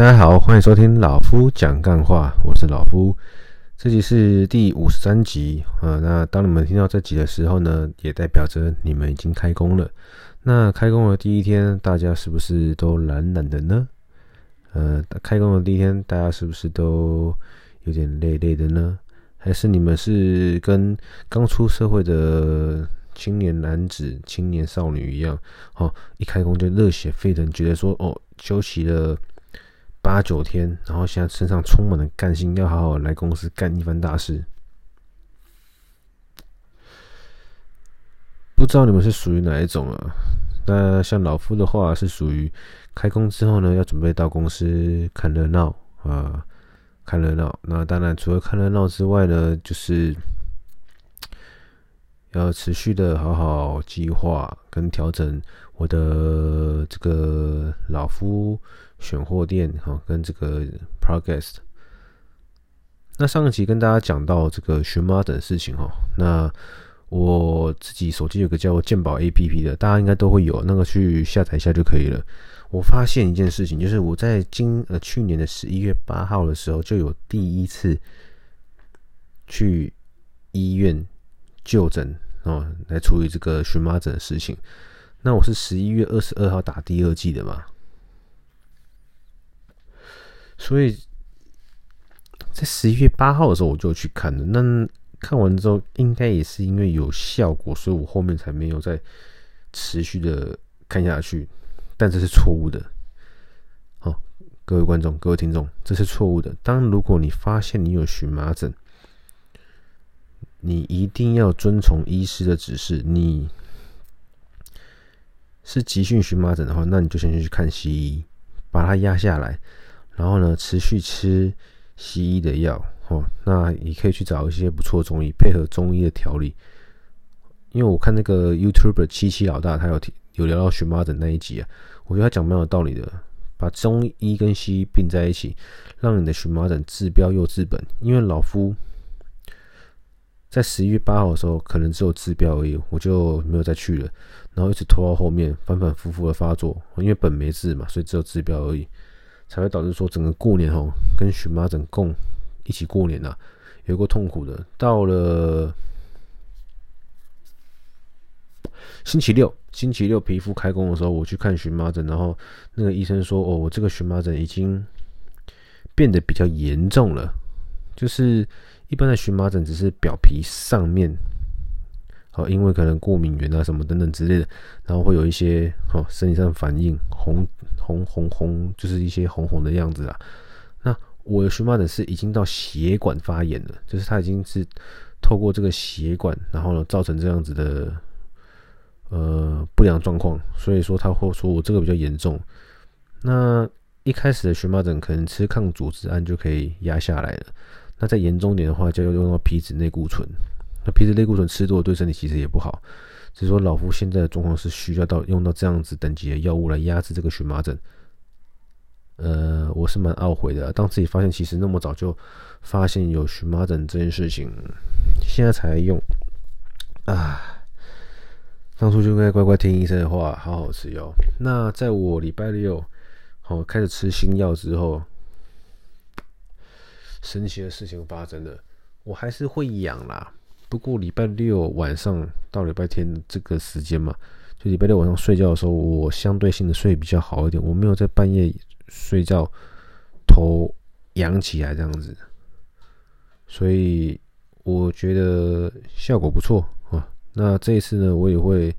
大家好，歡迎收聽老夫講幹話，我是老夫，這集是第五十三集。啊、呃，那當你們聽到這集的時候呢，也代表着你們已經開工了。那開工的第一天，大家是不是都懶懶的呢？呃，開工的第一天，大家是不是都有點累累的呢？還是你們是跟剛出社會的青年男子、青年少女一樣，好、哦、一開工就熱血沸騰，覺得說哦，休息了。八九天，然後現在身上充滿了幹勁，要好好來公司幹一番大事。不知道你們是屬於哪一種啊？那像老夫的話是屬於開工之後呢，要準備到公司看熱鬧啊，看熱鬧。那當然，除了看熱鬧之外呢，就是，要持續的好好計劃跟調整我的這個老夫選貨店哈，跟這個 podcast。那上一集跟大家講到這個蕁麻疹事情哈，那我自己手機有個叫健保 A P P 的，大家應該都會有，那個去下載一下就可以了。我發現一件事情，就是我在今呃去年的十一月八號的時候，就有第一次去醫院。就診哦，來處理這個蕁麻疹的事情。那我是十一月二十二號打第二劑的嘛，所以在十一月八號的時候我就去看了。那看完之後，應該也是因為有效果，所以我後面才沒有再持續的看下去。但這是錯誤的。好、哦，各位觀眾、各位聽眾，這是錯誤的。當如果你發現你有蕁麻疹，你一定要遵從醫師的指示。你是急性蕁麻疹的話，那你就先去看西醫，把它壓下來，然後呢，持續吃西醫的藥。哦，那你可以去找一些不錯的中醫，配合中醫的調理。因為我看那個 YouTuber 七七老大，他有有聊到蕁麻疹那一集啊，我覺得他講蠻有道理的，把中醫跟西醫並在一起，讓你的蕁麻疹治標又治本。因為老夫。在十一月八號的時候，可能只有治標而已，我就沒有再去了，然後一直拖到後面，反反复复的發作，因為本沒治嘛，所以只有治標而已，才會導致說整個過年哦，跟蕁麻疹共一起過年吶、啊，有夠痛苦的。到了星期六，星期六皮膚開工的時候，我去看蕁麻疹，然後那個醫生說：“哦，我這個蕁麻疹已經變得比較嚴重了，就是。”一般的蕁麻疹只是表皮上面，好，因為可能過敏原啊什麼等等之類的，然後會有一些哦，身體上反應，紅紅紅紅，就是一些紅紅的樣子啊。那我的蕁麻疹是已經到血管發炎了，就是它已經是透過這個血管，然後呢造成這樣子的呃不良狀況，所以說他會說我這個比較嚴重。那一開始的蕁麻疹可能吃抗組織胺就可以壓下來了。那再嚴重點的話，就要用到皮質類固醇。那皮質類固醇吃多了對身體其實也不好，所以說老夫現在的狀況是需要到用到這樣子等級的藥物來壓制這個蕁麻疹。呃，我是蠻懊悔的、啊，當自己發現其實那麼早就發現有蕁麻疹這件事情，現在才用啊，當初就應該乖乖聽醫生的話，好好吃藥、哦。那在我禮拜六好、哦、開始吃新藥之後。神奇的事情發生了，我還是會癢啦。不過禮拜六晚上到禮拜天這個時間嘛，就禮拜六晚上睡覺的時候，我相對性的睡比較好一點，我沒有在半夜睡覺，頭仰起來這樣子，所以我覺得效果不錯啊。那這一次呢，我也會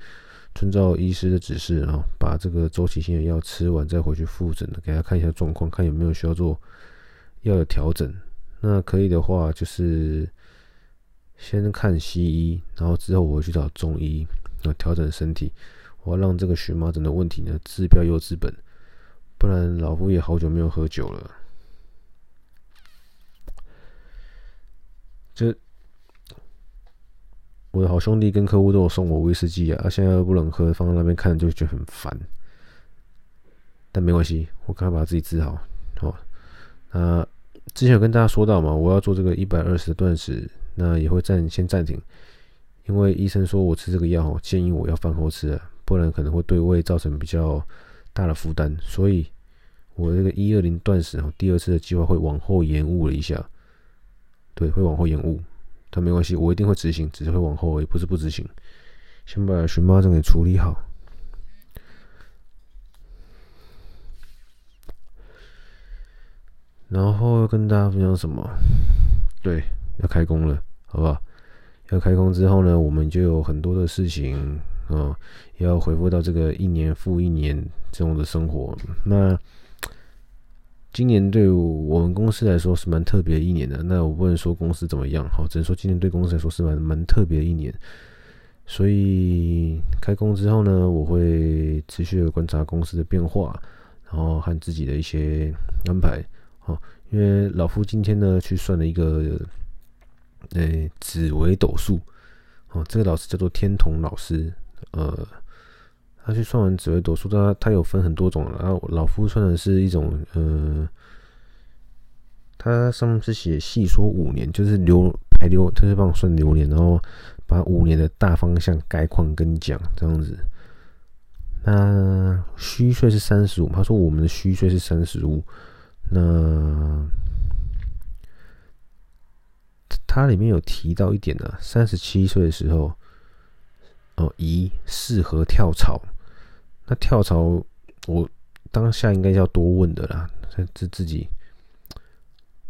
遵照醫師的指示啊，把這個周期性的藥吃完再回去復診，給大家看一下狀況，看有沒有需要做要有調整。那可以的話，就是先看西醫，然後之後我會去找中醫，然後調整身體。我要讓這個蕁麻疹的問題呢，治標又治本。不然老夫也好久沒有喝酒了。就我的好兄弟跟客戶都有送我威士忌啊，啊現在又不能喝，放在那邊看就覺得很煩。但沒關係，我趕快把自己治好。好、哦，那。之前有跟大家說到嘛，我要做這個一百二十的斷食，那也會暫先暫停，因為醫生說我吃這個藥，建議我要飯後吃了，不然可能會對胃造成比較大的負擔，所以我這個一二零斷食第二次的計劃會往後延誤了一下，對，會往後延誤，但沒關係，我一定會執行，只是會往後，也不是不執行，先把蕁麻疹給處理好。然後跟大家分享什麼？對，要開工了，好不好？要開工之後呢，我們就有很多的事情啊、嗯，要回復到這個一年復一年這樣的生活。那今年對我們公司來說是蠻特別的一年的，那我不能說公司怎麼樣，好，只能說今年對公司來說是蠻蠻特別的一年。所以開工之後呢，我會持續的觀察公司的變化，然後和自己的一些安排。因為老夫今天呢去算了一個，呃、欸，紫微斗數哦、喔，這個老師，叫做天童老師，呃，他去算完紫微斗數，他他有分很多種，然、啊、後老夫算的是一種，呃他上面是寫細說五年，就是流排流，他就幫、是、我算流年，然後把五年的大方向概況跟講這樣子。那虛歲是三十五，他說我們的虛歲是三十五。那它裡面有提到一點呢、啊，三十七歲的時候，哦，宜適合跳槽。那跳槽，我當下應該要多問的啦，這自己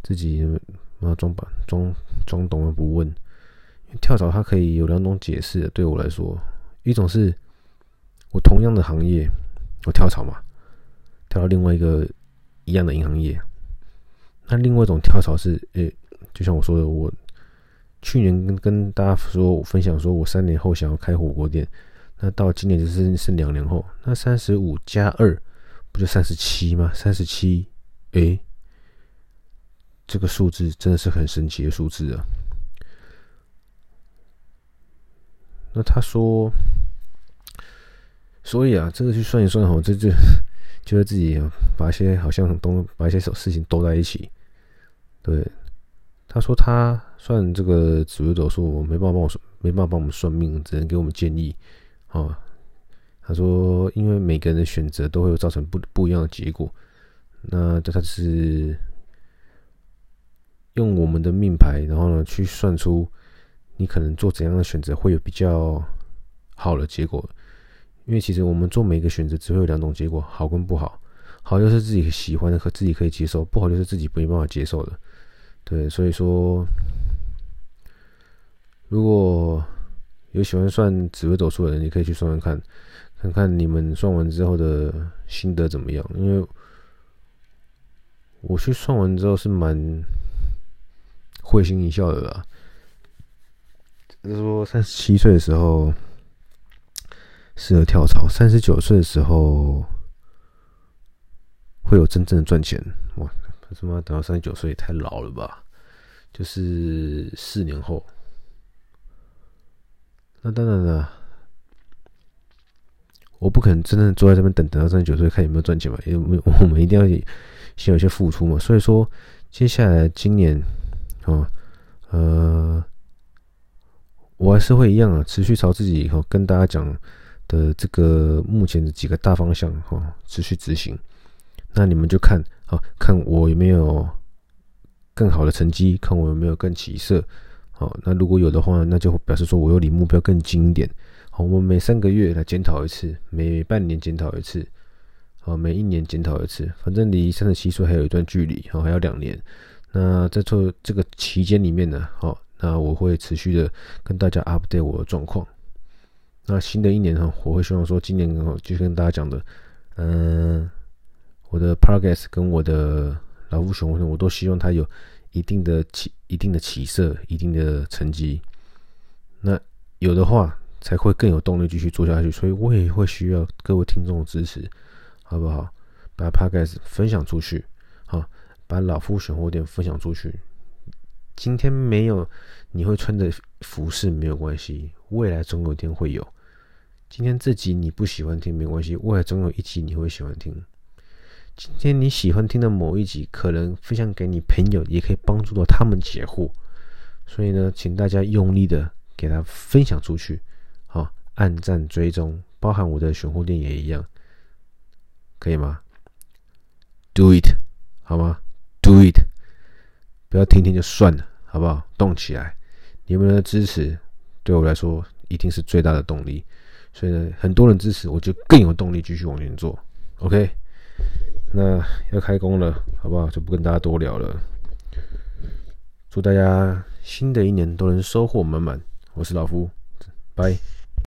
自己我要裝吧，裝裝懂而不問。跳槽它可以有兩種解釋，對我來說，一種是我同樣的行業，我跳槽嘛，跳到另外一個。一樣的銀行業，那另外一種跳槽是，誒、欸，就像我說的，我去年跟，跟大家說我分享，說我三年後想要開火鍋店，那到今年就是剩兩年後，那三十五加二不就三十七嗎？三十七，誒，這個數字真的是很神奇的數字啊。那他說，所以啊，這個去算一算吼，這這個。覺得自己把一些好像東把一些事事情兜在一起，對，他說他算這個紫微斗數沒辦法幫我沒辦法幫我們算命，只能給我們建議啊。他說因為每個人的選擇都會有造成不不一樣的結果，那這他是用我們的命牌，然後呢去算出你可能做怎樣的選擇會有比較好的結果。因為其實我們做每一個選擇，只會有兩種結果，好跟不好。好就是自己喜歡的和自己可以接受，不好就是自己沒辦法接受的。對，所以說，如果有喜歡算紫微斗數的人，你可以去算算看，看，看看你們算完之後的心得怎麼樣？因為我去算完之後是蠻會心一笑的啦。就是說，三十七歲的時候。適合跳槽，三十九歲的時候會有真正的賺錢哇！可他媽等到三十九歲也太老了吧？就是四年後，那當然了，我不可能真的坐在這邊等等到三十九歲看有沒有賺錢吧？因為我們一定要先有些付出嘛。所以說，接下來今年啊、嗯，呃，我還是會一樣啊，持續朝自己以後跟大家講。的這個目前的幾個大方向哈，持續執行，那你們就看好，看我有沒有更好的成績，看我有沒有更起色，好，那如果有的話，那就表示說我有離目標更近一點。好，我們每三個月來檢討一次，每半年檢討一次，好，每一年檢討一次，反正離三十七歲還有一段距離，好，還要兩年。那在做這個期間裡面呢，好，那我會持續的跟大家 update 我的狀況。那新的一年呢，我會希望說，今年就跟大家講的，嗯、呃，我的 Podcast 跟我的老夫熊，我都希望它有一定的起、一定的起色、一定的成績。那有的話，才會更有動力繼續做下去。所以我也會需要各位聽眾的支持，好不好？把 Podcast 分享出去，好，把老夫熊窩點分享出去。今天沒有你會穿的服飾沒有關係，未來總有一天會有。今天這集你不喜歡聽沒關係，未來總有一集你會喜歡聽。今天你喜歡聽的某一集，可能分享給你朋友，也可以幫助到他們解惑。所以呢，請大家用力的給他分享出去，好，按讚追蹤，包含我的守護店也一樣，可以嗎？Do it，好嗎？Do it，不要聽聽就算了，好不好？動起來！你們的支持對我來說一定是最大的動力。所以呢，很多人支持，我就更有動力繼續往前做。OK，那要開工了，好不好？就不跟大家多聊了。祝大家新的一年都能收穫滿滿。我是老夫，拜。